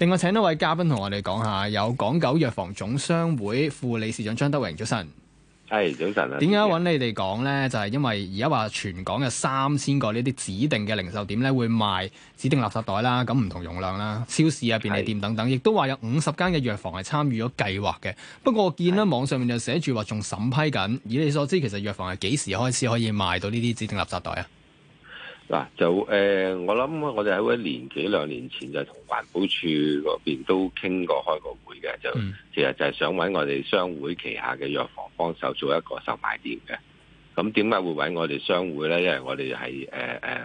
另外，請一位嘉賓同我哋講下，有港九藥房總商會副理事長張德榮，早晨。係，早晨。點解揾你哋講呢？就係因為而家話全港有三千個呢啲指定嘅零售點呢，會賣指定垃圾袋啦。咁唔同容量啦，超市啊、便利店等等，亦都話有五十間嘅藥房係參與咗計劃嘅。不過我見咧網上面就寫住話仲審批緊。以你所知，其實藥房係幾時開始可以賣到呢啲指定垃圾袋啊？嗱，就誒、呃，我諗我哋喺一年幾兩年前就同環保署嗰邊都傾過開個會嘅，就其實就係想揾我哋商會旗下嘅藥房幫手做一個售賣店嘅。咁點解會揾我哋商會咧？因為我哋係誒誒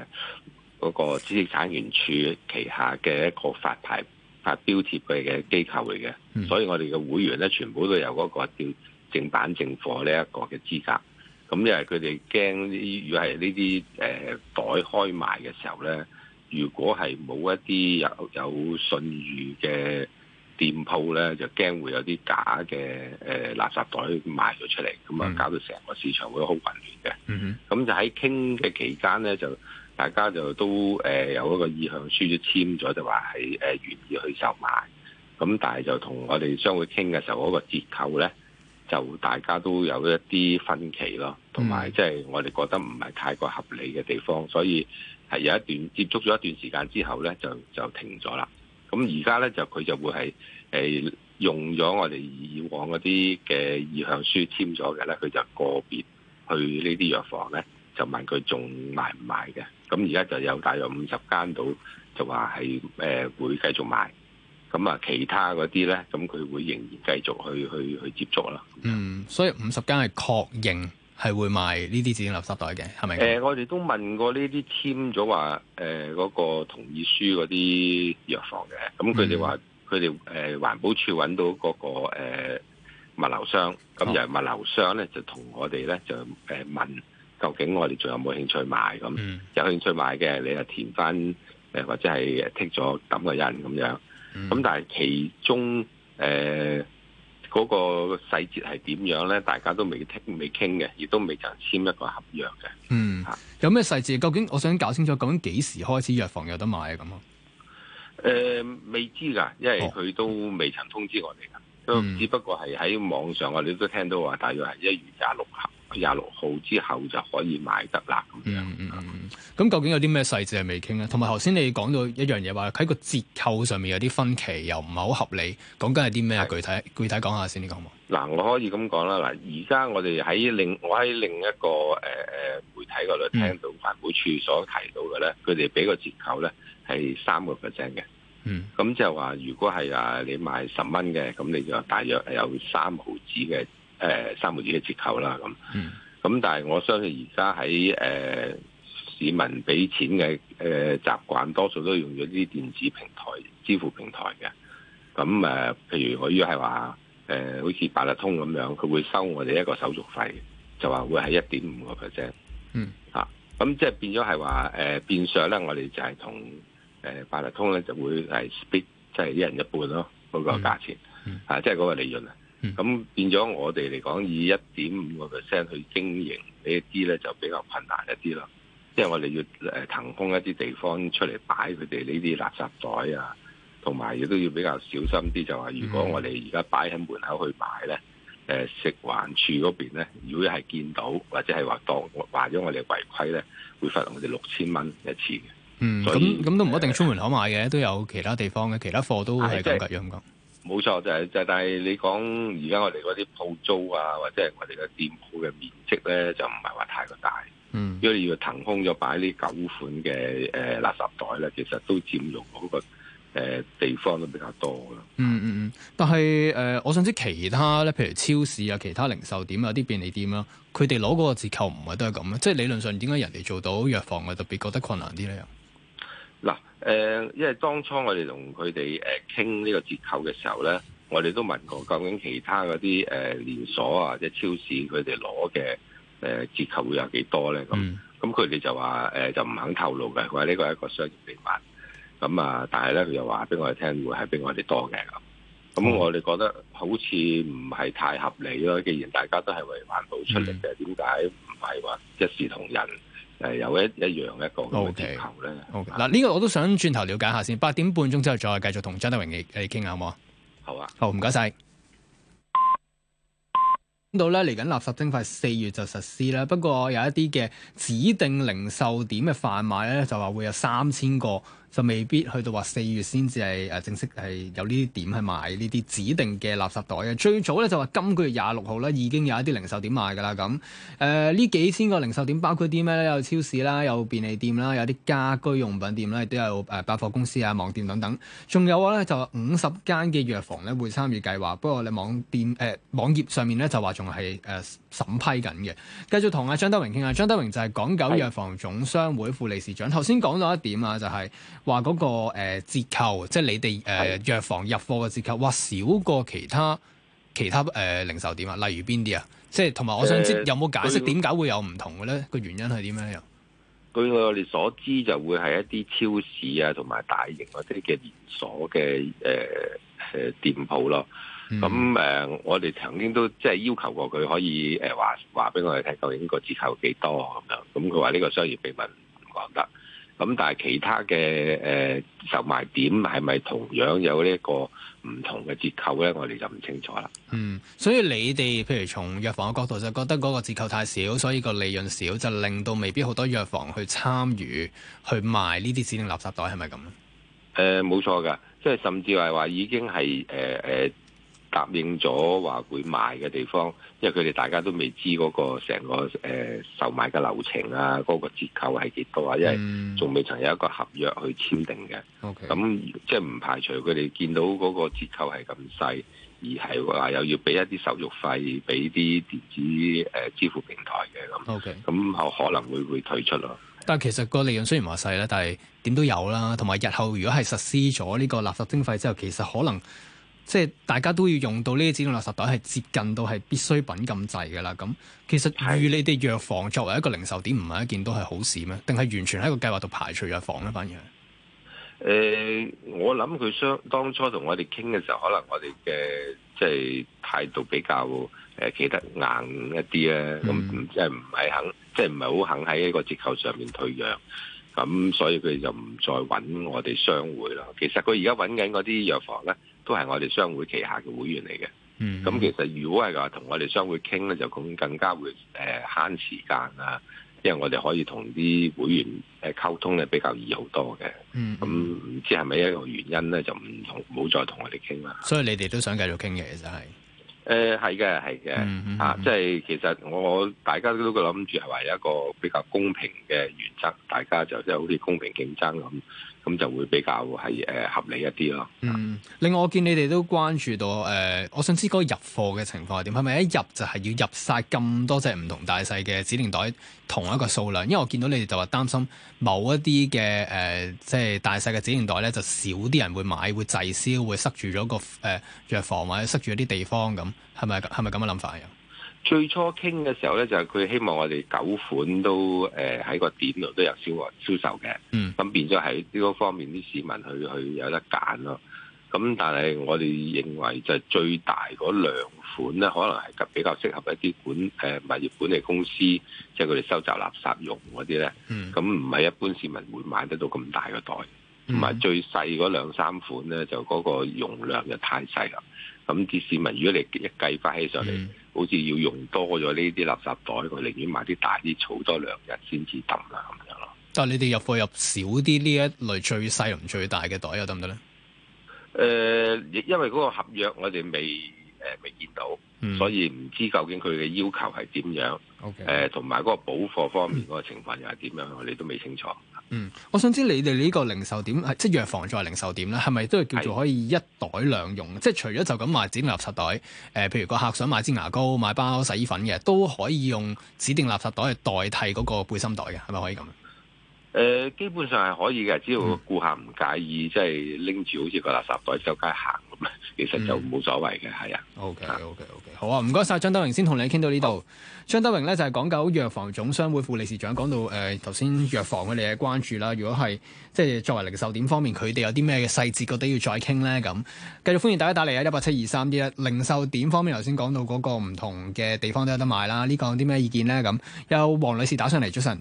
嗰個知識產權署旗下嘅一個發牌發標貼嘅機構嚟嘅，所以我哋嘅會員咧，全部都有嗰個叫正版正貨呢一個嘅資格。咁因為佢哋驚，如果係呢啲誒袋開賣嘅時候咧，如果係冇一啲有有信譽嘅店鋪咧，就驚會有啲假嘅誒、呃、垃圾袋賣咗出嚟，咁啊搞到成個市場會好混亂嘅。咁、mm hmm. 就喺傾嘅期間咧，就大家就都誒、呃、有一個意向書都簽咗，就話係誒願意去售賣。咁但係就同我哋商會傾嘅時候嗰個折扣咧，就大家都有一啲分歧咯，同埋、嗯、即係我哋覺得唔係太過合理嘅地方，所以係有一段接觸咗一段時間之後咧，就就停咗啦。咁而家咧就佢就會係誒、呃、用咗我哋以往嗰啲嘅意向書簽咗嘅咧，佢就個別去呢啲藥房咧就問佢仲賣唔賣嘅。咁而家就有大約五十間到就話係誒會繼續賣。咁啊，其他嗰啲咧，咁佢會仍然繼續去去去接觸啦。嗯，所以五十間係確認係會賣呢啲紙巾垃圾袋嘅，係咪？誒、呃，我哋都問過呢啲簽咗話誒嗰個同意書嗰啲藥房嘅，咁佢哋話，佢哋誒環保處揾到嗰、嗰個誒、呃、物流商，咁又係物流商咧就同我哋咧就誒問究竟我哋仲有冇興趣買，咁？嗯嗯、有興趣買嘅你啊填翻誒或者係誒剔咗抌個人咁樣。咁、嗯、但係其中誒嗰、呃那個細節係點樣咧？大家都未聽未傾嘅，亦都未曾簽一個合約嘅。嗯，有咩細節？究竟我想搞清楚，究竟幾時開始藥房有得買咁啊？誒、呃，未知噶，因為佢都未曾通知我哋噶。哦嗯，只不過係喺網上啊，你都聽到話，大約係一月廿六號，廿六號之後就可以買得啦咁樣。嗯咁、嗯嗯嗯、究竟有啲咩細節係未傾咧？同埋頭先你講到一樣嘢，話喺個折扣上面有啲分歧，又唔係好合理。講緊係啲咩啊？具體具體講下先，呢個，呢好冇？嗱，我可以咁講啦。嗱，而家我哋喺另我喺另一個誒誒媒體嗰度聽到環保、嗯、處所提到嘅咧，佢哋俾個折扣咧係三個 percent 嘅。咁、嗯、就話如果係啊，你買十蚊嘅，咁你就大約有三毫子嘅，誒，三、呃、毫子嘅折扣啦。咁，咁、嗯、但係我相信而家喺誒市民俾錢嘅誒習慣，呃、多數都用咗啲電子平台支付平台嘅。咁誒、呃，譬如我如果係話誒，好似八達通咁樣，佢會收我哋一個手續費，就話會係一點五個 percent。嗯，吓、啊，咁即係變咗係話誒，變相咧，我哋就係同。誒八達通咧就會係 split，即係一人一半咯，嗰、嗰個價錢即係嗰個利潤啊。咁、嗯、變咗我哋嚟講，以一點五個 percent 去經營呢啲咧，就比較困難一啲咯。即係我哋要誒騰空一啲地方出嚟擺佢哋呢啲垃圾袋啊，同埋亦都要比較小心啲，就話如果我哋而家擺喺門口去賣咧，誒、嗯呃、食環署嗰邊咧，如果係見到或者係話當話咗我哋違規咧，會罰我哋六千蚊一次嘅。嗯，咁咁都唔一定出門口買嘅，都有其他地方嘅其他貨都係咁嘅樣講。冇、就是、錯，就係、是、就係、是。但係你講而家我哋嗰啲鋪租啊，或者係我哋嘅店鋪嘅面積咧，就唔係話太過大。嗯，因為要騰空咗擺呢九款嘅誒、呃、垃圾袋咧，其實都佔用嗰、那個、呃、地方都比較多咯、嗯。嗯嗯嗯，但係誒、呃，我想知其他咧，譬如超市啊，其他零售點啊，啲便利店啊，佢哋攞嗰個折扣唔係都係咁咩？即、就、係、是、理論上點解人哋做到藥房我特別覺得困難啲咧？誒，因為當初我哋同佢哋誒傾呢個折扣嘅時候咧，我哋都問過究竟其他嗰啲誒連鎖啊或者超市佢哋攞嘅誒折扣會有幾多咧？咁咁佢哋就話誒就唔肯透露嘅，話呢個係一個商業秘密。咁啊，但係咧佢又話俾我哋聽會係比我哋多嘅咁。咁、嗯、我哋覺得好似唔係太合理咯。既然大家都係為環保出力嘅，點解唔係話一視同仁？誒，一有一樣一樣嘅地球 O K，嗱呢 okay. Okay. 啊呢個我都想轉頭了解下先。八點半鐘之後再繼續同張德榮你你傾下好唔好？好啊。好，唔該晒。到咧嚟緊垃圾徵費四月就實施啦。不過有一啲嘅指定零售點嘅販賣咧，就話會有三千個。就未必去到話四月先至係誒正式係有呢啲點去買呢啲指定嘅垃圾袋嘅，最早咧就話今個月廿六號咧已經有一啲零售點賣㗎啦，咁誒呢幾千個零售點包括啲咩咧？有超市啦，有便利店啦，有啲家居用品店啦，亦都有誒百貨公司啊、網店等等，仲有咧就五十間嘅藥房咧會參與計劃。不過你網店誒、呃、網頁上面咧就話仲係誒。呃審批緊嘅，繼續同阿張德榮傾下。張德榮就係港九藥房總商會副理事長。頭先講到一點啊、就是，就係話嗰個誒、呃、折扣，即、就、係、是、你哋誒、呃、藥房入貨嘅折扣，話少過其他其他誒、呃、零售點啊，例如邊啲啊？即係同埋我想知有冇解釋點解會有唔同嘅咧？個原因係點樣？又據我哋所知，就會係一啲超市啊，同埋大型或者啲嘅連鎖嘅誒誒店鋪咯。咁誒，我哋曾經都即係要求過佢可以誒話話俾我哋睇究竟個折扣幾多咁樣？咁佢話呢個商業秘密唔講得。咁但係其他嘅誒售賣點係咪同樣有呢一個唔同嘅折扣咧？我哋就唔清楚啦。嗯，所以你哋譬如從藥房嘅角度就覺得嗰個折扣太少，所以個利潤少，就令到未必好多藥房去參與去賣呢啲指定垃圾袋，係咪咁咧？誒、嗯，冇、嗯、錯㗎，即係甚至係話已經係誒誒。呃呃答應咗話會賣嘅地方，因為佢哋大家都未知嗰個成個誒、呃、售賣嘅流程啊，嗰、嗰個折扣係幾多啊？因為仲未曾有一個合約去簽定訂嘅。咁、嗯 okay. 即係唔排除佢哋見到嗰個折扣係咁細，而係話又要俾一啲手續費俾啲電子誒、呃、支付平台嘅咁。咁後 Okay. 可能會會退出咯、啊。但其實個利潤雖然話細啦，但係點都有啦。同埋日後如果係實施咗呢個垃圾徵費之後，其實可能。即係大家都要用到呢啲指定垃圾袋，係接近到係必需品咁滯嘅啦。咁其實與你哋藥房作為一個零售點，唔係一件都係好事咩？定係完全喺個計劃度排除藥房咧？反而誒，我諗佢相當初同我哋傾嘅時候，可能我哋嘅即係態度比較誒企、呃、得硬一啲啊，咁即係唔係肯，即係唔係好肯喺一個折扣上面退讓。咁、嗯、所以佢就唔再揾我哋商會啦。其實，佢而家揾緊嗰啲藥房咧，都係我哋商會旗下嘅會員嚟嘅。咁、嗯嗯、其實如果係話同我哋商會傾咧，就咁更加會誒慳、呃、時間啊，因為我哋可以同啲會員誒、呃、溝通咧比較易好多嘅。咁唔知係咪一個原因咧，就唔同唔好再同我哋傾啦。所以你哋都想繼續傾嘅，其實係。誒係嘅，係嘅，呃、 啊，即係其實我大家都都諗住係話一個比較公平嘅原則，大家就即係好似公平競爭咁。咁就會比較係誒合理一啲咯。嗯，另外我見你哋都關注到誒、呃，我想知個入貨嘅情況係點？係咪一入就係要入晒咁多隻唔同大細嘅指令袋同一個數量？因為我見到你哋就話擔心某一啲嘅誒，即、呃、係、就是、大細嘅指令袋咧，就少啲人會買，會滯銷，會塞住咗個誒、呃、藥房或者塞住一啲地方咁，係咪係咪咁嘅諗法？最初傾嘅時候咧，就係、是、佢希望我哋九款都誒喺、呃、個店度都有銷售銷售嘅，咁、嗯、變咗喺呢個方面啲市民去去有得揀咯。咁但係我哋認為就係最大嗰兩款咧，可能係比較適合一啲管誒物業管理公司，即係佢哋收集垃圾用嗰啲咧。咁唔係一般市民會買得到咁大個袋，同埋、嗯、最細嗰兩三款咧，就嗰個容量就太細啦。咁啲市民如果你一計翻起上嚟。嗯好似要用多咗呢啲垃圾袋，佢寧願買啲大啲，儲多兩日先至抌啦咁樣咯。但係、啊、你哋入貨入少啲呢一類最細唔最大嘅袋又行行，又得唔得咧？誒，因為嗰個合約我哋未誒、呃、未見到，嗯、所以唔知究竟佢嘅要求係點樣。誒 Okay.、呃，同埋嗰個補貨方面嗰個情況又係點樣，我哋、嗯、都未清楚。嗯，我想知你哋呢個零售點，即係藥房作為零售點咧，係咪都係叫做可以一袋兩用？的即係除咗就咁買指定垃圾袋，誒、呃，譬如個客想買支牙膏、買包洗衣粉嘅，都可以用指定垃圾袋嚟代替嗰個背心袋嘅，係咪可以咁？誒、呃，基本上係可以嘅，只要顧客唔介意，即係拎住好似個垃圾袋周街行。其實就冇所謂嘅，係啊、嗯。O K，O K，O K，好啊，唔該晒張德榮，先同你傾到呢度。張德榮呢就係港九藥房總商會副理事長，講到誒頭先藥房佢哋嘅關注啦。如果係即係作為零售點方面，佢哋有啲咩嘅細節，覺得要再傾呢？咁，繼續歡迎大家打嚟啊！一八七二三一零售點方面，頭先講到嗰個唔同嘅地方都有得賣啦。呢個有啲咩意見呢？咁，有黃女士打上嚟，早晨。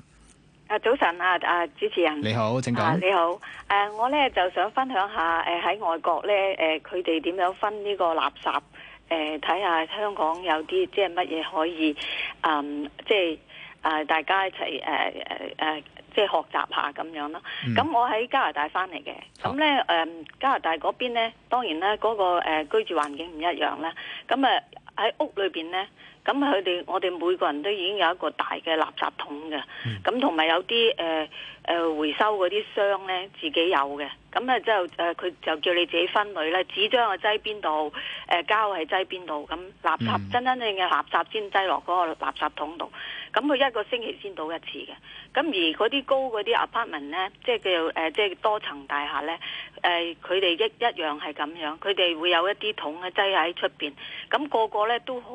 啊，早晨啊，啊主持人，你好，請講、啊。你好，誒、啊，我咧就想分享下，誒、啊、喺外國咧，誒佢哋點樣分呢個垃圾？誒、啊，睇下香港有啲即係乜嘢可以，嗯，即係啊，大家一齊誒誒誒，即係學習下咁樣咯。咁、嗯、我喺加拿大翻嚟嘅，咁咧誒加拿大嗰邊咧，當然咧嗰、個誒居住環境唔一樣啦。咁誒喺屋裏邊咧。咁佢哋我哋每個人都已經有一個大嘅垃圾桶嘅，咁同埋有啲誒誒回收嗰啲箱咧，自己有嘅。咁啊之後誒佢就叫你自己分類咧，紙張啊擠邊度，誒、呃、膠係擠邊度，咁垃圾真、嗯、真正嘅垃圾先擠落嗰個垃圾桶度。咁佢一個星期先倒一次嘅。咁而嗰啲高嗰啲 apartment 咧，即係叫誒、呃、即係多層大廈咧，誒佢哋一一樣係咁樣，佢哋會有一啲桶嘅擠喺出邊，咁、那個個咧都好。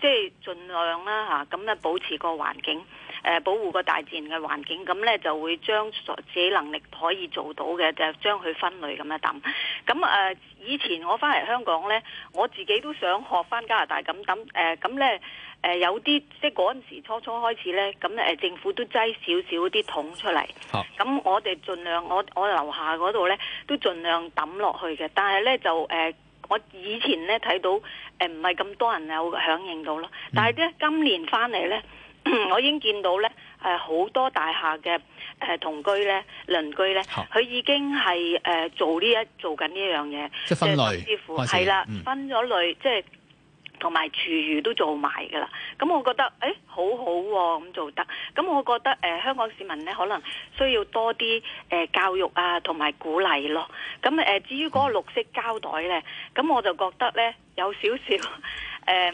即係儘量啦吓，咁、啊、咧保持個環境，誒、呃、保護個大自然嘅環境，咁咧就會將自己能力可以做到嘅，就將佢分類咁樣抌。咁誒、啊、以前我翻嚟香港咧，我自己都想學翻加拿大咁抌，誒咁咧誒有啲即係嗰陣時初初開始咧，咁誒政府都擠少少啲桶出嚟，咁、啊、我哋儘量我我樓下嗰度咧都儘量抌落去嘅，但係咧就誒，呃我以前咧睇到，誒唔係咁多人有響應到咯，但係咧今年翻嚟咧，我已經見到咧，誒、呃、好多大廈嘅誒同居咧、鄰居咧，佢已經係誒、呃、做呢一做緊呢樣嘢，即係分類，甚至乎啦，分咗類，嗯、即係。同埋廚餘都做埋噶啦，咁我覺得誒、欸、好好咁、啊、做得，咁我覺得誒、呃、香港市民呢，可能需要多啲誒、呃、教育啊，同埋鼓勵咯、啊。咁誒、呃、至於嗰個綠色膠袋呢，咁我就覺得呢，有少少誒，即、呃、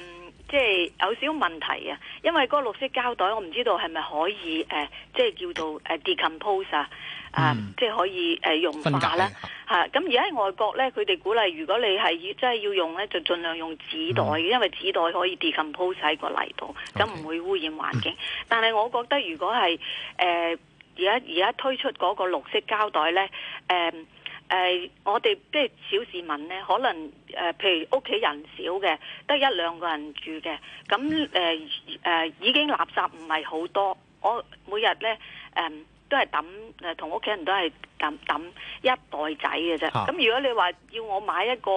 係、就是、有少少問題啊。因為嗰個綠色膠袋，我唔知道係咪可以誒，即、呃、係、就是、叫做誒 decompose 啊。啊，嗯、即係可以誒、呃、溶化啦。嚇，咁而家喺外國咧，佢哋鼓勵如果你係要即係要用咧，就盡量用紙袋，嗯、因為紙袋可以 decompose 喺個泥度，咁唔、嗯 okay，會污染環境。嗯、但係我覺得如果係誒而家而家推出嗰個綠色膠袋咧，誒、嗯、誒、呃，我哋即係小市民咧，可能誒、呃、譬如屋企人少嘅，得一兩個人住嘅，咁誒誒已經垃圾唔係好多，我每日咧誒。嗯嗯嗯嗯 都係抌，誒同屋企人都係抌揼一袋仔嘅啫。咁 如果你話要我買一個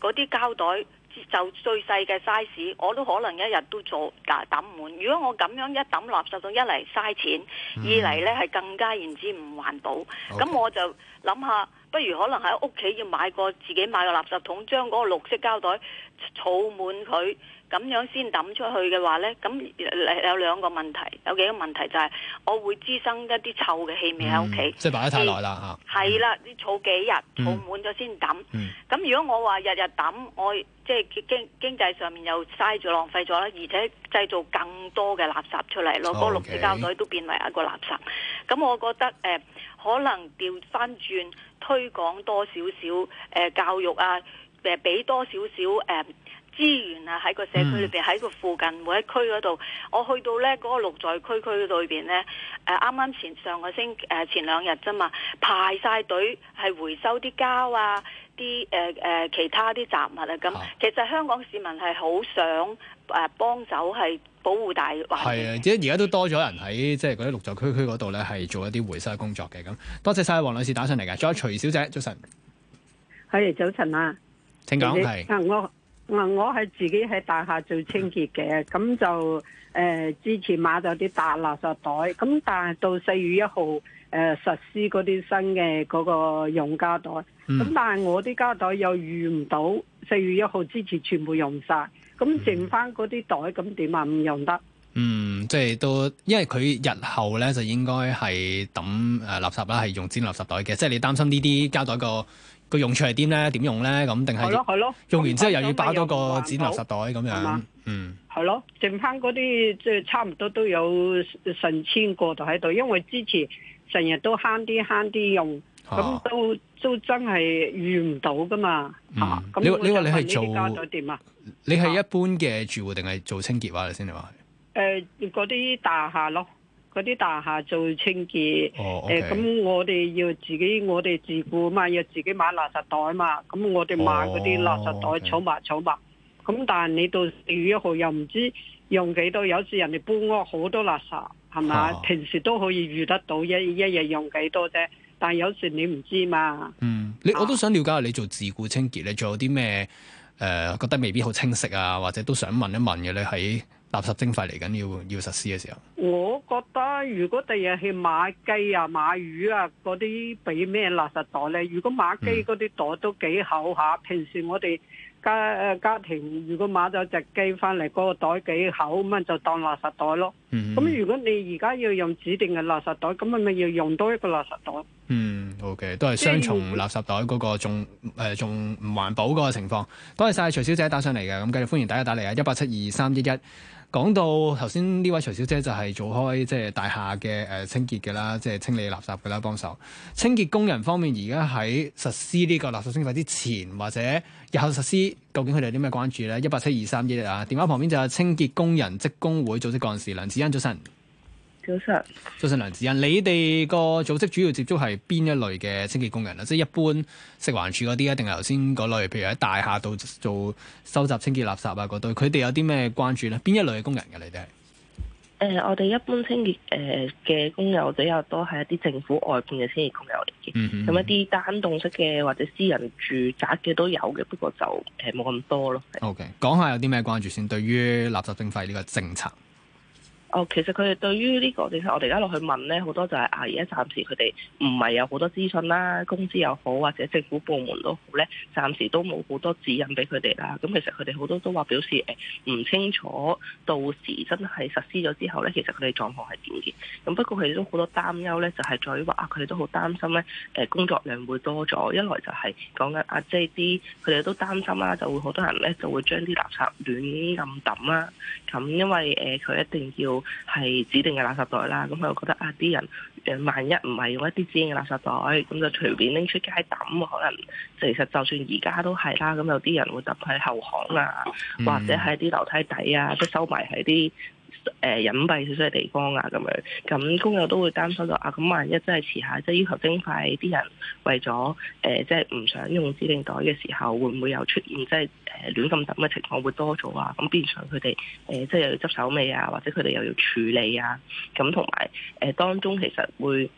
嗰啲膠袋，就最細嘅 size，我都可能一日都做，嗱抌唔滿。如果我咁樣一抌垃圾到，一嚟嘥錢，二嚟咧係更加然之唔環保，咁 我就。Okay. 諗下，不如可能喺屋企要買個自己買個垃圾桶，將嗰個綠色膠袋儲滿佢，咁樣先抌出去嘅話呢？咁有有兩個問題，有幾個問題就係我會滋生一啲臭嘅氣味喺屋企，即係擺得太耐、欸嗯、啦，吓係啦，你儲幾日儲滿咗先抌。咁、嗯嗯、如果我話日日抌，我即係經經濟上面又嘥咗浪費咗啦，而且。製造更多嘅垃圾出嚟，攞嗰、oh, okay. 個綠色膠袋都變為一個垃圾。咁我覺得誒，可能調返轉推廣多少少誒教育啊，誒俾多少少誒資源啊，喺個社區裏邊，喺個附近每一個區嗰度，我去到咧嗰、那個綠在區區裏邊咧，誒啱啱前上個星誒前兩日啫嘛，排晒隊係回收啲膠啊，啲誒誒其他啲雜物啊咁。其實香港市民係好想。誒、啊、幫手係保護大環境。係啊，而家都多咗人喺即係嗰啲綠在區區嗰度咧，係做一啲回收工作嘅。咁多謝晒黃女士打上嚟嘅。仲有徐小姐，早晨。係早晨啊！請講。係，我我係自己喺大廈做清潔嘅，咁就誒、呃、之前買咗啲大垃圾袋，咁但係到四月一號誒實施嗰啲新嘅嗰個用膠袋，咁、嗯、但係我啲膠袋又遇唔到，四月一號之前全部用晒。咁剩翻嗰啲袋咁點啊？唔用得？嗯，即係都，因為佢日後咧就應該係抌誒垃圾啦，係用剪垃圾袋嘅。即係你擔心呢啲膠袋個個用處係啲咧？點用咧？咁定係？咯，係咯。用完之後又要包多個剪垃圾袋咁樣。嗯，係咯，剩翻嗰啲即係差唔多都有成千個就喺度，因為之前成日都慳啲慳啲用，咁都。都真係預唔到噶嘛嚇！咁你你話你係做酒店啊？你係想一般嘅住戶定係做清潔啊？你先你話誒嗰啲大廈咯，嗰啲大廈做清潔誒。咁、哦 okay. 啊、我哋要自己，我哋自顧啊嘛，要自己買垃圾袋啊嘛。咁我哋買嗰啲垃圾袋儲埋儲埋。咁、哦 okay. 但係你到二月一號又唔知用幾多，有時人哋搬屋好多垃圾係咪？啊、平時都可以預得到一一日用幾多啫。但有時你唔知嘛？嗯，你我都想了解下你做自顧清潔咧，仲有啲咩誒覺得未必好清晰啊，或者都想問一問嘅咧，喺垃圾徵費嚟緊要要實施嘅時候，我覺得如果第日去買雞啊買魚啊嗰啲俾咩垃圾袋咧？如果買雞嗰啲袋都幾厚下，平時我哋。家家庭如果買咗隻雞返嚟，嗰個袋幾厚，咁咪就當垃圾袋咯。咁、嗯、如果你而家要用指定嘅垃圾袋，咁咪咪要用多一個垃圾袋。嗯，OK，都係雙重垃圾袋嗰個仲誒仲唔環保嗰個情況。多謝徐小姐打上嚟嘅，咁繼續歡迎大家打嚟啊！一八七二三一一。講到頭先呢位徐小姐就係做開即係大廈嘅誒清潔嘅啦，即係清理垃圾嘅啦，幫手。清潔工人方面，而家喺實施呢個垃圾清費之前或者日後實施，究竟佢哋有啲咩關注咧？一八七二三一啊，電話旁邊就有清潔工人職工會組織幹事梁子欣，早晨。早晨，早晨梁子欣，你哋個組織主要接觸係邊一類嘅清潔工人啊？即係一般食環署嗰啲啊，定係頭先嗰類？譬如喺大廈度做收集清潔垃圾啊嗰堆，佢哋有啲咩關注呢？邊一類嘅工人嘅你哋？誒、呃，我哋一般清潔誒嘅工友，比較多係一啲政府外判嘅清潔工友嚟嘅。咁、嗯嗯嗯、一啲單棟式嘅或者私人住宅嘅都有嘅，不過就誒冇咁多咯。O K，講下有啲咩關注先？對於垃圾徵費呢個政策。哦，其實佢哋對於呢個，其實我哋而家落去問咧，好多就係啊，而家暫時佢哋唔係有好多資訊啦，公司又好，或者政府部門都好咧，暫時都冇好多指引俾佢哋啦。咁其實佢哋好多都話表示誒唔清楚，到時真係實施咗之後咧，其實佢哋狀況係點嘅？咁不過佢哋都好多擔憂咧，就係在於話啊，佢哋都好擔心咧，誒工作量會多咗，一來就係講緊啊，即係啲佢哋都擔心啦，就會好多人咧就會將啲垃圾亂咁抌啦。咁因為誒佢一定要，係指定嘅垃圾袋啦，咁佢覺得啊，啲人誒，萬一唔係用一啲指定嘅垃圾袋，咁就，啊、就隨便拎出街揼，可能其實就算而家都係啦，咁有啲人會揼喺後巷啊，或者喺啲樓梯底啊，都收埋喺啲。誒隱蔽少少嘅地方啊，咁樣，咁工友都會擔心到啊。咁萬一真係遲下，即係要求徵費啲人，為咗誒，即係唔想用指定袋嘅時候，會唔會又出現即係誒亂咁抌嘅情況會多咗啊？咁變相佢哋誒，即係又要執手尾啊，或者佢哋又要處理啊，咁同埋誒當中其實會。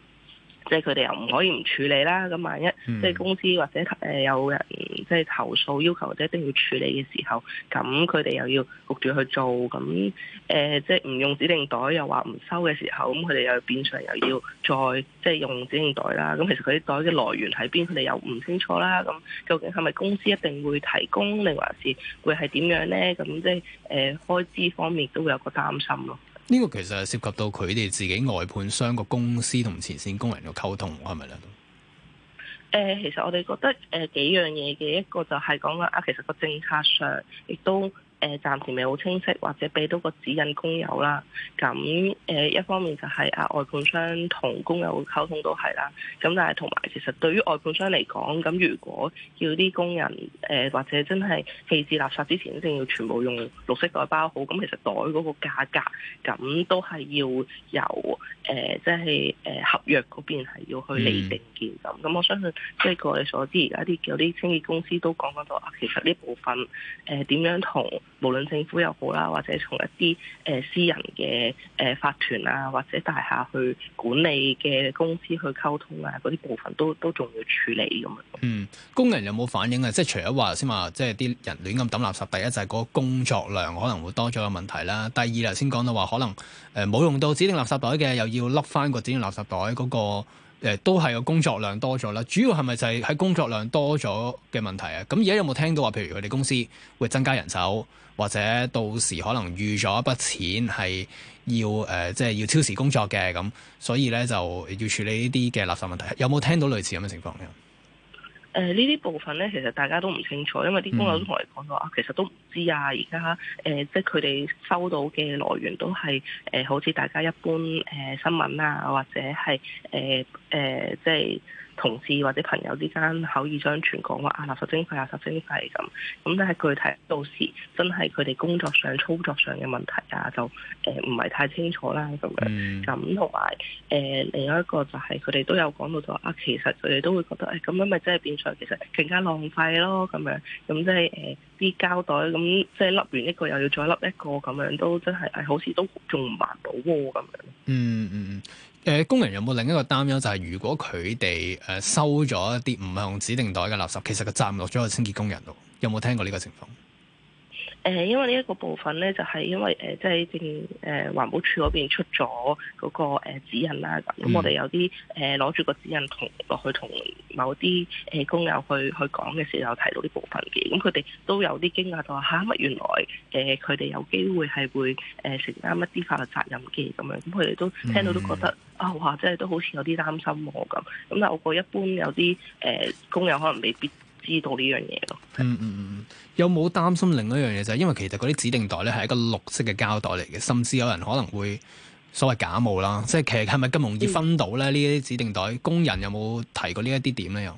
即係佢哋又唔可以唔處理啦，咁萬一即係公司或者誒有人即係投訴要求，或者一定要處理嘅時候，咁佢哋又要焗住去做，咁誒、呃、即係唔用指定袋又話唔收嘅時候，咁佢哋又變相又要再即係用指定袋啦。咁其實佢啲袋嘅來源喺邊？佢哋又唔清楚啦。咁究竟係咪公司一定會提供，定還是會係點樣咧？咁即係誒、呃、開支方面都會有個擔心咯。呢個其實係涉及到佢哋自己外判商個公司同前線工人嘅溝通，係咪咧？誒、呃，其實我哋覺得誒、呃、幾樣嘢嘅，一個就係講啦啊，其實個政策上亦都。誒暫時未好清晰，或者俾到個指引工友啦。咁誒一方面就係啊外判商同工友溝通都係啦。咁但係同埋其實對於外判商嚟講，咁如果要啲工人誒或者真係棄置垃圾之前，一定要全部用綠色袋包好。咁其實袋嗰個價格咁都係要由誒即係誒合約嗰邊係要去釐定嘅咁。咁、嗯、我相信即係據我哋所知，而家啲有啲清潔公司都講講到啊，其實呢部分誒點、呃、樣同無論政府又好啦，或者從一啲誒私人嘅誒法團啊，或者大廈去管理嘅公司去溝通啊，嗰啲部分都都仲要處理咁啊。嗯，工人有冇反應啊？即係除咗話頭先話，即係啲人亂咁抌垃圾。第一就係、是、嗰個工作量可能會多咗嘅問題啦。第二啊，頭先講到話可能誒冇用到指定垃圾袋嘅，又要笠翻個指定垃圾袋嗰、嗰個、呃、都係個工作量多咗啦。主要係咪就係喺工作量多咗嘅問題啊？咁而家有冇聽到話，譬如佢哋公司會增加人手？或者到時可能預咗一筆錢係要誒、呃，即係要超時工作嘅咁，所以咧就要處理呢啲嘅垃圾問題。有冇聽到類似咁嘅情況咧？誒、呃，呢啲部分咧，其實大家都唔清楚，因為啲工友都同你講過，嗯、其實都唔知啊。而家誒，即係佢哋收到嘅來源都係誒、呃，好似大家一般誒、呃、新聞啊，或者係誒誒，即係。同事或者朋友之間口耳相傳講話啊垃圾徵費、垃圾徵費咁，咁、啊啊、但係具體到時真係佢哋工作上、操作上嘅問題啊，就誒唔係太清楚啦咁樣。咁同埋誒另外一個就係佢哋都有講到就話啊，其實佢哋都會覺得誒咁、欸、樣咪真係變咗其實更加浪費咯咁樣。咁即係誒啲膠袋咁，即係笠完一個又要再笠一個咁樣，都真係誒好似都仲唔環保喎咁樣。嗯嗯嗯。嗯。誒、呃、工人有冇另一個擔憂就係、是、如果佢哋誒收咗一啲唔係用指定袋嘅垃圾，其實佢滯落咗去清潔工人度，有冇聽過呢個情況？誒，因為呢一個部分咧，就係因為誒，即係正誒環保署嗰邊出咗嗰個指引啦。咁、嗯、我哋有啲誒攞住個指引同落去同某啲誒工友去去講嘅時候，提到呢部分嘅。咁佢哋都有啲驚訝，就話嚇乜原來誒佢哋有機會係會誒承擔一啲法律責任嘅咁樣。咁佢哋都聽到都覺得、嗯、啊，哇！即係都好似有啲擔心喎咁。咁但我覺一般有啲誒工友可能未必知道呢樣嘢咯？嗯嗯嗯，有冇擔心另一樣嘢，就係因為其實嗰啲指定袋咧係一個綠色嘅膠袋嚟嘅，甚至有人可能會所謂假冒啦，即係其實係咪咁容易分到咧？呢啲指定袋，嗯、工人有冇提過呢一啲點咧？又？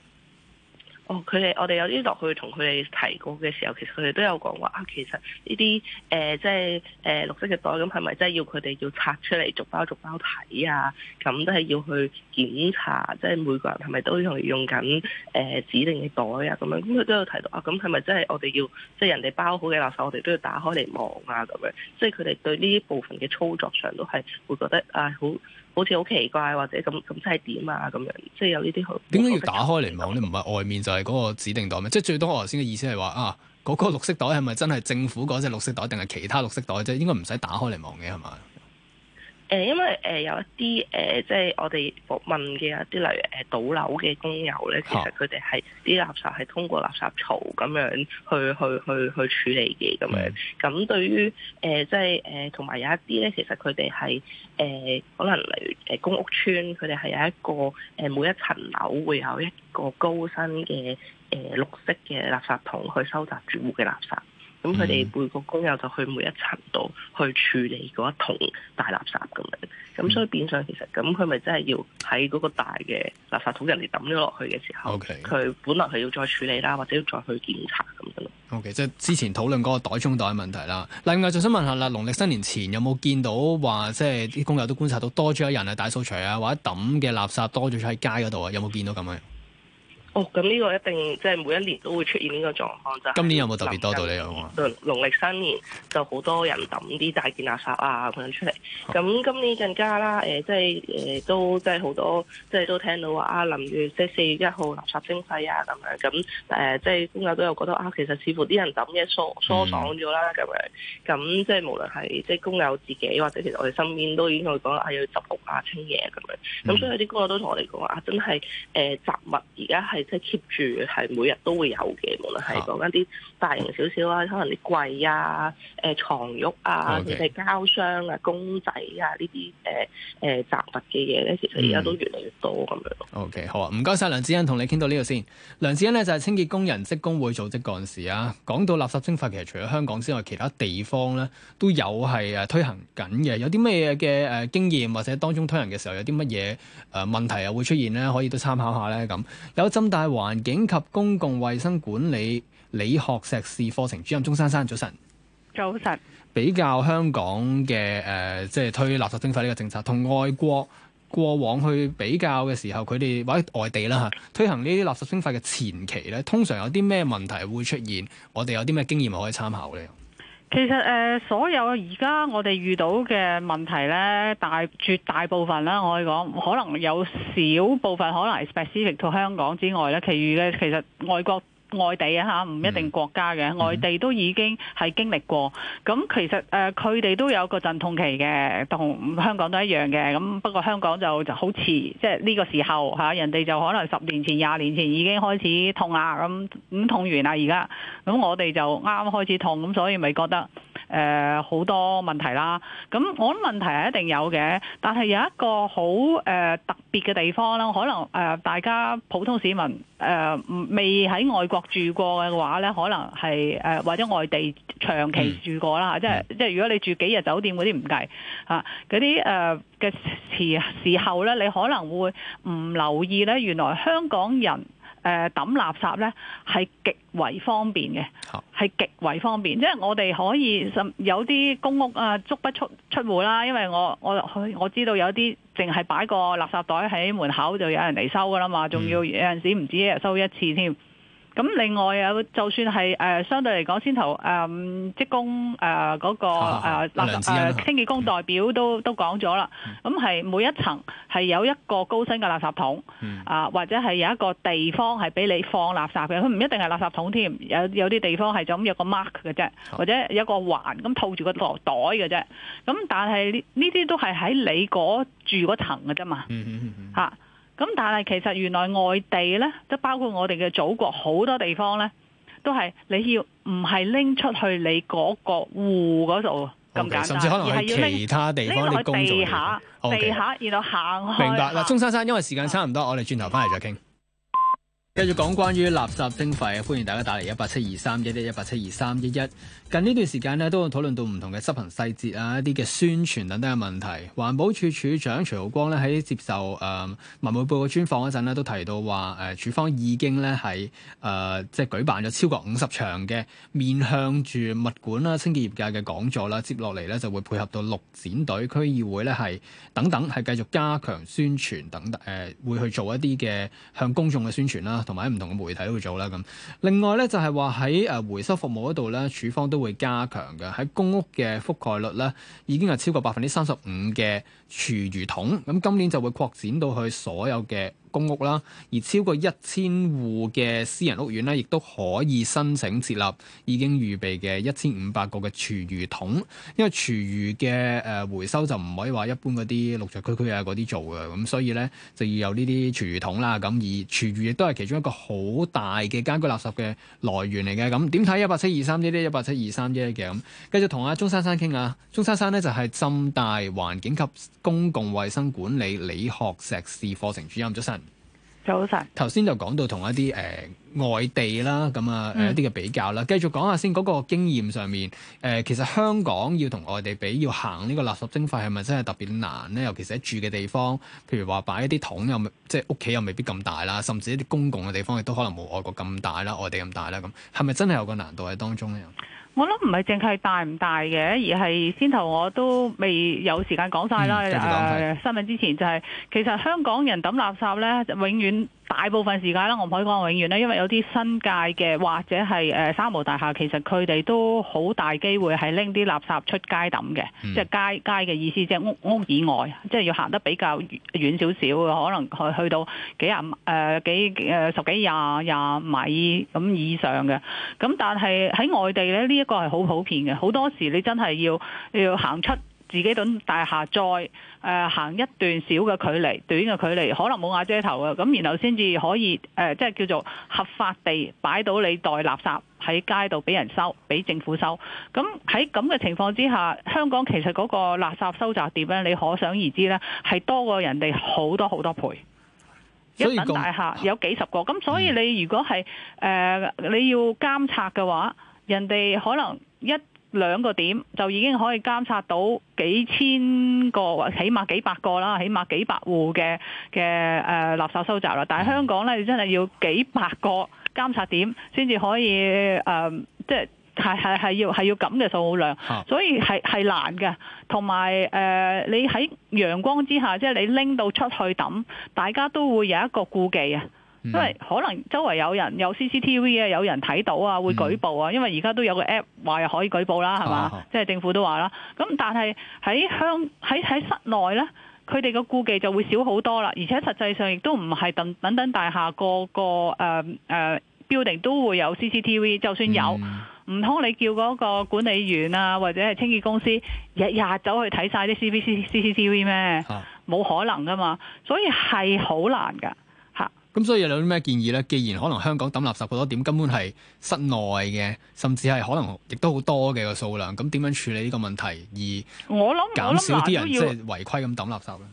哦，佢哋我哋有啲落去同佢哋提過嘅時候，其實佢哋都有講話啊，其實呢啲誒即係誒綠色嘅袋，咁係咪真係要佢哋要拆出嚟逐包逐包睇啊？咁都係要去檢查，即係每個人係咪都同用緊誒指定嘅袋啊？咁樣咁佢都有提到啊，咁係咪真係我哋要即係人哋包好嘅垃圾，我哋都要打開嚟望啊？咁樣，即係佢哋對呢一部分嘅操作上都係會覺得啊好。好似好奇怪，或者咁咁差點啊咁樣，即係有呢啲好。點解要打開嚟望咧？唔係 外面就係嗰個指定袋咩？即係最多我頭先嘅意思係話啊，嗰個綠色袋係咪真係政府嗰隻綠色袋，定係其他綠色袋啫？應該唔使打開嚟望嘅係嘛？誒，因為誒、呃、有一啲誒、呃，即係我哋問嘅一啲，例如誒倒、呃、樓嘅工友咧，其實佢哋係啲垃圾係通過垃圾槽咁樣去去去去處理嘅咁樣。咁對於誒、呃、即係誒，同、呃、埋有一啲咧，其實佢哋係誒可能例如、呃、公屋村，佢哋係有一個誒、呃、每一層樓會有一個高身嘅誒綠色嘅垃圾桶去收集住戶嘅垃圾。咁佢哋每個工友就去每一層度去處理嗰一桶大垃圾咁樣，咁、嗯、所以變相其實咁佢咪真係要喺嗰個大嘅垃圾桶入面抌咗落去嘅時候，佢 Okay. 本來係要再處理啦，或者要再去檢查咁樣。OK，即係之前討論嗰個袋中袋嘅問題啦。另外就想問下啦，農曆新年前有冇見到話即係啲工友都觀察到多咗人啊，大掃除啊，或者抌嘅垃圾多咗喺街嗰度啊？有冇見到咁樣？哦，咁呢個一定即係每一年都會出現呢個狀況就是。今年有冇特別多到呢樣啊？農、農曆新年就好多人抌啲大件垃圾啊咁樣出嚟，咁今年更加啦，誒即係誒都即係好多，即係都聽到話啊，臨月即係四月一號垃圾徵費啊咁樣，咁誒即係工友都有覺得啊，其實似乎啲人抌嘢疏疏擋咗啦咁樣，咁即係無論係即係工友自己或者其實我哋身邊都已經會講啊要執屋啊清嘢咁、啊、樣，咁所以啲工友都同我哋講話啊，真係誒、呃、雜物而家係。即係 keep 住係每日都會有嘅，無論係講緊啲大型少少啦，可能啲櫃啊、誒、呃、牀褥啊、Okay. 甚至係膠箱啊、公仔啊呢啲誒誒雜物嘅嘢咧，其實而家都越嚟越多咁樣。OK，好啊，唔該晒。梁智恩，同你傾到呢度先。梁智恩呢，就係、是、清潔工人職工會組織幹事啊，講到垃圾徵費，其實除咗香港之外，其他地方咧都有係啊推行緊嘅。有啲咩嘅誒經驗，或者當中推行嘅時候有啲乜嘢誒問題又會出現咧，可以都參考下咧咁。有針大環境及公共衛生管理理學碩士課程主任鍾珊珊，早晨。早晨。比較香港嘅誒，即、呃、係、就是、推垃圾徵費呢個政策，同外國過往去比較嘅時候，佢哋或者外地啦嚇、啊、推行呢啲垃圾徵費嘅前期呢，通常有啲咩問題會出現？我哋有啲咩經驗可以參考呢？其實誒、呃，所有而家我哋遇到嘅問題咧，大絕大部分啦，我可以講，可能有少部分可能係 specific to 香港之外咧，其餘嘅其實外國。外地啊嚇，唔一定國家嘅，mm hmm. 外地都已經係經歷過。咁其實誒，佢、呃、哋都有個陣痛期嘅，同香港都一樣嘅。咁不過香港就就好遲，即係呢個時候嚇，人哋就可能十年前、廿年前已經開始痛啊，咁、嗯、咁痛完啦，而家咁我哋就啱啱開始痛，咁所以咪覺得。誒好、呃、多問題啦，咁、嗯、我諗問題係一定有嘅，但係有一個好誒、呃、特別嘅地方啦，可能誒、呃、大家普通市民誒、呃、未喺外國住過嘅話咧，可能係誒、呃、或者外地長期住過啦，即係即係如果你住幾日酒店嗰啲唔計嚇，嗰啲誒嘅時時候咧，你可能會唔留意咧，原來香港人。誒抌垃圾呢係極為方便嘅，係極為方便，即係我哋可以有啲公屋啊，足不出出戶啦，因為我我我知道有啲淨係擺個垃圾袋喺門口就有人嚟收㗎喇嘛，仲要有陣時唔止一日收一次添。咁另外有，就算係誒、呃、相對嚟講，先頭誒、呃、職工誒嗰、呃那個誒垃誒清潔工代表都都講咗啦。咁係、嗯嗯、每一層係有一個高身嘅垃圾桶，啊、呃、或者係有一個地方係俾你放垃圾嘅。佢唔一定係垃圾桶添，有有啲地方係就咁有個 mark 嘅啫，或者有一個環咁套住個袋嘅啫。咁但係呢啲都係喺你嗰住嗰層嘅啫嘛。嗯，嗯咁但係其實原來外地咧，即係包括我哋嘅祖國好多地方咧，都係你要唔係拎出去你嗰個戶嗰度咁簡單，甚至可能係要拎其他地方啲工做嘅，拎去地下，地下然後行開。明白嗱，鐘珊珊，因為時間差唔多，我哋轉頭翻嚟再傾。繼續講關於垃圾徵費啊！歡迎大家打嚟，一八七二三一一一八七二三一一。近呢段時間咧，都有討論到唔同嘅執行細節啊、一啲嘅宣傳等等嘅問題。環保署署長徐浩光咧喺，接受誒、呃、文匯報告專訪，文匯報嘅專訪嗰陣咧，都提到話誒，署、呃、方已經咧喺誒即係舉辦咗超過五十場嘅面向住物管啦、清潔業界嘅講座啦。接落嚟咧就會配合到綠展隊、區議會咧係等等係繼續加強宣傳等等誒、呃，會去做一啲嘅向公眾嘅宣傳啦。同埋唔同嘅媒體都會做啦咁，另外呢，就係話喺誒回收服務嗰度呢署方都會加強嘅。喺公屋嘅覆蓋率呢，已經係超過百分之三十五嘅。廚餘桶咁今年就會擴展到去所有嘅公屋啦，而超過一千戶嘅私人屋苑呢，亦都可以申請設立已經預備嘅一千五百個嘅廚餘桶。因為廚餘嘅誒回收就唔可以話一般嗰啲綠在區區啊嗰啲做嘅，咁所以呢就要有呢啲廚餘桶啦。咁而廚餘亦都係其中一個好大嘅家居垃圾嘅來源嚟嘅。咁點睇一八七二三呢一八七二三呢嘅咁？繼續同阿鐘珊珊傾下。鐘珊珊呢就係浸大環境及公共衛生管理理學碩士課程主任，早晨，早晨。頭先就講到同一啲誒外地啦，咁啊誒一啲嘅比較啦，繼續講下先嗰個經驗上面誒，其實香港要同外地比，要行呢個垃圾徵費係咪真係特別難呢？尤其是喺住嘅地方，譬如話擺一啲桶又即係屋企又未必咁大啦，甚至一啲公共嘅地方亦都可能冇外國咁大啦，外地咁大啦，咁係咪真係有個難度喺當中呢？我諗唔係淨係大唔大嘅，而係先頭我都未有時間講晒啦、嗯呃。新聞之前就係、是、其實香港人抌垃圾呢，永遠。大部分時間啦，我唔可以講永遠啦，因為有啲新界嘅或者係誒三無大廈，其實佢哋都好大機會係拎啲垃圾出街抌嘅，嗯、即係街街嘅意思，即係屋屋以外，即係要行得比較遠少少嘅，可能去去到幾廿誒、呃、幾誒十幾廿廿米咁以上嘅。咁但係喺外地咧，呢、這、一個係好普遍嘅，好多時你真係要要行出自己棟大廈再。誒行一段小嘅距離，短嘅距離，可能冇瓦遮頭嘅，咁然後先至可以誒、呃，即係叫做合法地擺到你袋垃圾喺街度俾人收，俾政府收。咁喺咁嘅情況之下，香港其實嗰個垃圾收集點咧，你可想而知咧，係多過人哋好多好多倍。以一棟大廈有幾十個，咁、嗯、所以你如果係誒、呃、你要監察嘅話，人哋可能一。兩個點就已經可以監察到幾千個或起碼幾百個啦，起碼幾百戶嘅嘅誒垃圾收集啦。但係香港呢，真係要幾百個監察點先至可以誒、呃，即係係係要係要咁嘅數量，所以係係難嘅。同埋誒，你喺陽光之下，即係你拎到出去抌，大家都會有一個顧忌啊。因為可能周圍有人有 CCTV 啊，有人睇到啊，會舉報啊。嗯、因為而家都有個 app 話又可以舉報啦，係嘛？啊、即係政府都話啦。咁但係喺香喺喺室內呢，佢哋嘅顧忌就會少好多啦。而且實際上亦都唔係等等等大廈個個誒誒 building 都會有 CCTV，就算有，唔通、嗯、你叫嗰個管理員啊或者係清潔公司日日走去睇晒啲 CCTV 咩？冇、啊、可能噶嘛，所以係好難噶。咁所以有啲咩建議呢？既然可能香港抌垃圾好多點，根本係室內嘅，甚至係可能亦都好多嘅個數量，咁點樣處理呢個問題而減少啲人即係違規咁抌垃圾呢？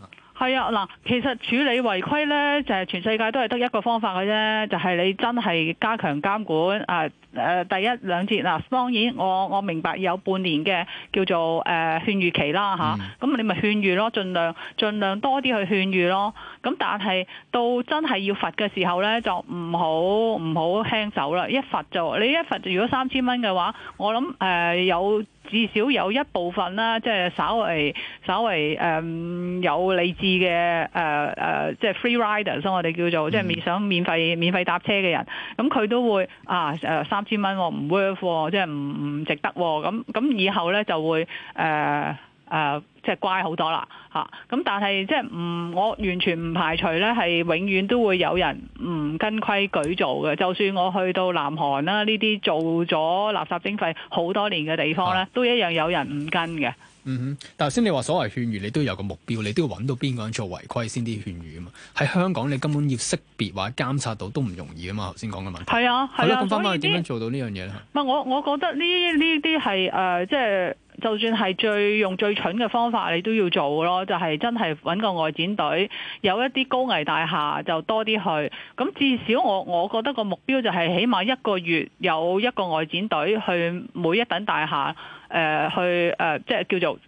係啊，嗱，其實處理違規咧，就係全世界都係得一個方法嘅啫，就係、是、你真係加強監管啊。誒、呃，第一兩節嗱、呃，當然我我明白有半年嘅叫做誒、呃、勸喻期啦吓，咁、啊、你咪勸喻咯，儘量儘量多啲去勸喻咯。咁但係到真係要罰嘅時候咧，就唔好唔好輕手啦，一罰就你一罰，如果三千蚊嘅話，我諗誒、呃、有。至少有一部分啦，即係稍為稍為誒、呃、有理智嘅誒誒，即係 free riders，我哋叫做即係未想免費免費搭車嘅人，咁佢都會啊誒三千蚊唔 work 即係唔唔值得咁咁以後呢，就會誒誒。呃呃即係乖好多啦嚇，咁但係即係唔，我完全唔排除咧，係永遠都會有人唔跟規矩做嘅。就算我去到南韓啦，呢啲做咗垃圾徵費好多年嘅地方咧，都一樣有人唔跟嘅。嗯哼，頭先你話所謂勸喻，你都要有個目標，你都要揾到邊個人做違規先啲勸喻啊嘛。喺香港，你根本要識別或者監察到都唔容易啊嘛。頭先講嘅問題係啊係啊，咁返返去點樣做到呢樣嘢咧？唔係我，我覺得呢呢啲係誒，即係、呃就係、就算係最用最蠢嘅方法。法你都要做咯，就係、是、真係揾個外展隊，有一啲高危大廈就多啲去。咁至少我我覺得個目標就係起碼一個月有一個外展隊去每一等大廈誒、呃、去誒、呃、即係叫做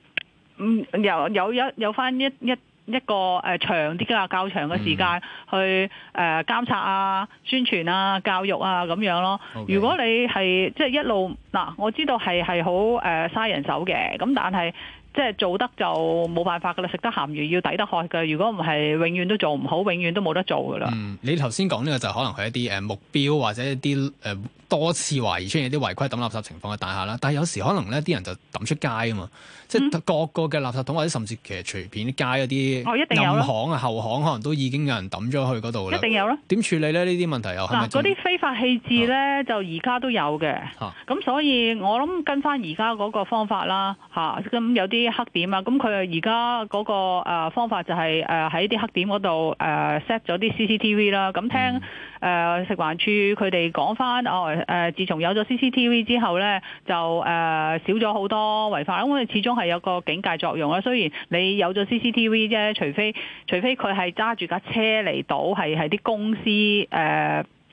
嗯有有有有翻一一一,一個誒長啲嘅較長嘅時間去誒監、嗯呃、察啊、宣傳啊、教育啊咁樣咯。Okay. 如果你係即係一路嗱，我知道係係好誒嘥人手嘅，咁但係。即係做得就冇辦法㗎啦，食得鹹魚要抵得渴㗎。如果唔係，永遠都做唔好，永遠都冇得做㗎啦。嗯，你頭先講呢個就可能係一啲誒目標或者一啲誒。呃多次懷疑出現啲違規抌垃圾情況嘅大廈啦，但係有時可能呢啲人就抌出街啊嘛，即係各個嘅垃圾桶或者甚至其實隨便啲街嗰啲暗巷啊、哦、後巷可能都已經有人抌咗去嗰度啦。一定有咯。點處理咧？呢啲問題又嗱，嗰啲、啊、非法棄置咧，就而家都有嘅。咁、啊、所以我諗跟翻而家嗰個方法啦，嚇、啊、咁有啲黑點啊，咁佢而家嗰個、呃、方法就係誒喺啲黑點嗰度誒 set 咗啲 CCTV 啦，咁聽。嗯誒、呃、食環處佢哋講翻哦誒，自從有咗 CCTV 之後咧，就誒、呃、少咗好多違法，因為始終係有個警戒作用啦。雖然你有咗 CCTV 啫，除非除非佢係揸住架車嚟到，係係啲公司誒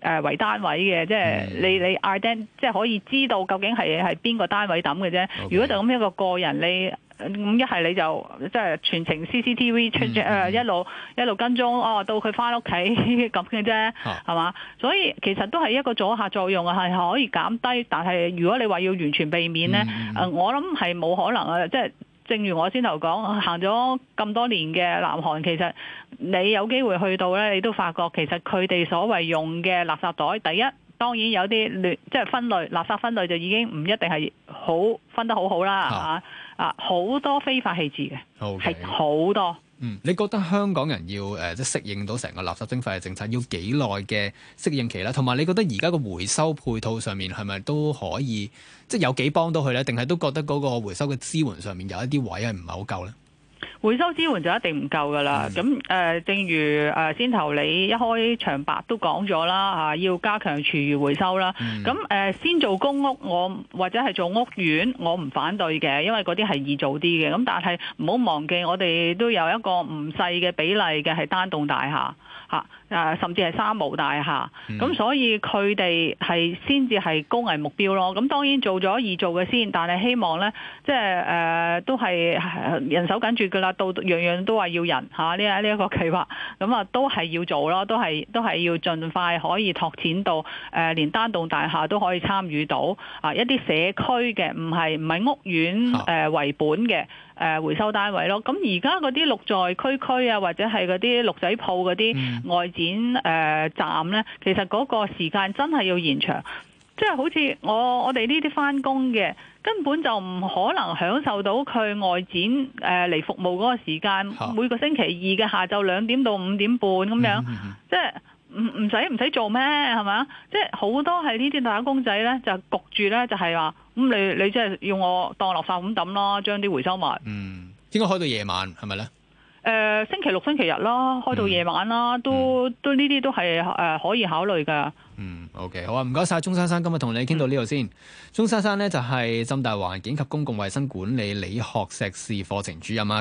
誒為單位嘅，即係你 Yeah. 你，你 ident 即係可以知道究竟係係邊個單位抌嘅啫。Okay. 如果就咁一個個人你。咁一係你就即係全程 CCTV 出咗誒一路一路跟蹤、嗯、 哦，到佢翻屋企咁嘅啫，係嘛？所以其實都係一個阻嚇作用啊，係可以減低。但係如果你話要完全避免呢，誒、嗯呃，我諗係冇可能啊！即、就、係、是、正如我先頭講，行咗咁多年嘅南韓，其實你有機會去到呢，你都發覺其實佢哋所謂用嘅垃圾袋，第一當然有啲亂，即係分類垃圾分類就已經唔一定係好分得好好啦，係、哦啊！好多非法棄置嘅，係好 Okay. 多。嗯，你覺得香港人要誒、呃、即係適應到成個垃圾徵費嘅政策，要幾耐嘅適應期咧？同埋，你覺得而家個回收配套上面係咪都可以，即係有幾幫到佢咧？定係都覺得嗰個回收嘅支援上面有一啲位係唔係好夠咧？回收支援就一定唔夠噶啦，咁誒、呃，正如誒、呃、先頭你一開場白都講咗啦，嚇、啊，要加強廚餘回收啦。咁誒、嗯呃，先做公屋我，我或者係做屋苑，我唔反對嘅，因為嗰啲係易做啲嘅。咁但係唔好忘記，我哋都有一個唔細嘅比例嘅係單棟大廈，嚇。甚至係三無大廈，咁所以佢哋係先至係高危目標咯。咁當然做咗易做嘅先，但係希望咧，即係誒、呃、都係人手緊住噶啦，到樣樣都話要人吓呢一呢一個計劃，咁、嗯、啊都係要做咯，都係都係要盡快可以拓展到誒、呃、連單棟大廈都可以參與到啊！嗯啊嗯、一啲社區嘅唔係唔係屋苑誒、呃、為本嘅誒、呃、回收單位咯。咁而家嗰啲綠在區區啊，啊，或者係嗰啲綠仔舖嗰啲外展誒、呃、站呢，其實嗰個時間真係要延長，即係好似我我哋呢啲返工嘅，根本就唔可能享受到佢外展誒嚟、呃、服務嗰個時間。Oh. 每個星期二嘅下晝兩點到五點半咁樣，mm hmm. 即係唔唔使唔使做咩係咪？即係好多係呢啲打工仔呢，就焗住呢，就係話咁你你即係要我當垃圾咁抌咯，將啲回收埋。嗯，應該開到夜晚係咪呢？誒、呃、星期六、星期日啦，開到夜晚啦，都、嗯、都呢啲都係誒、呃、可以考慮嘅。嗯，OK，好啊，唔該曬鍾先生，今日同你傾到呢度先。鍾先生咧就係、是、浸大環境及公共衛生管理理學碩士課程主任啊。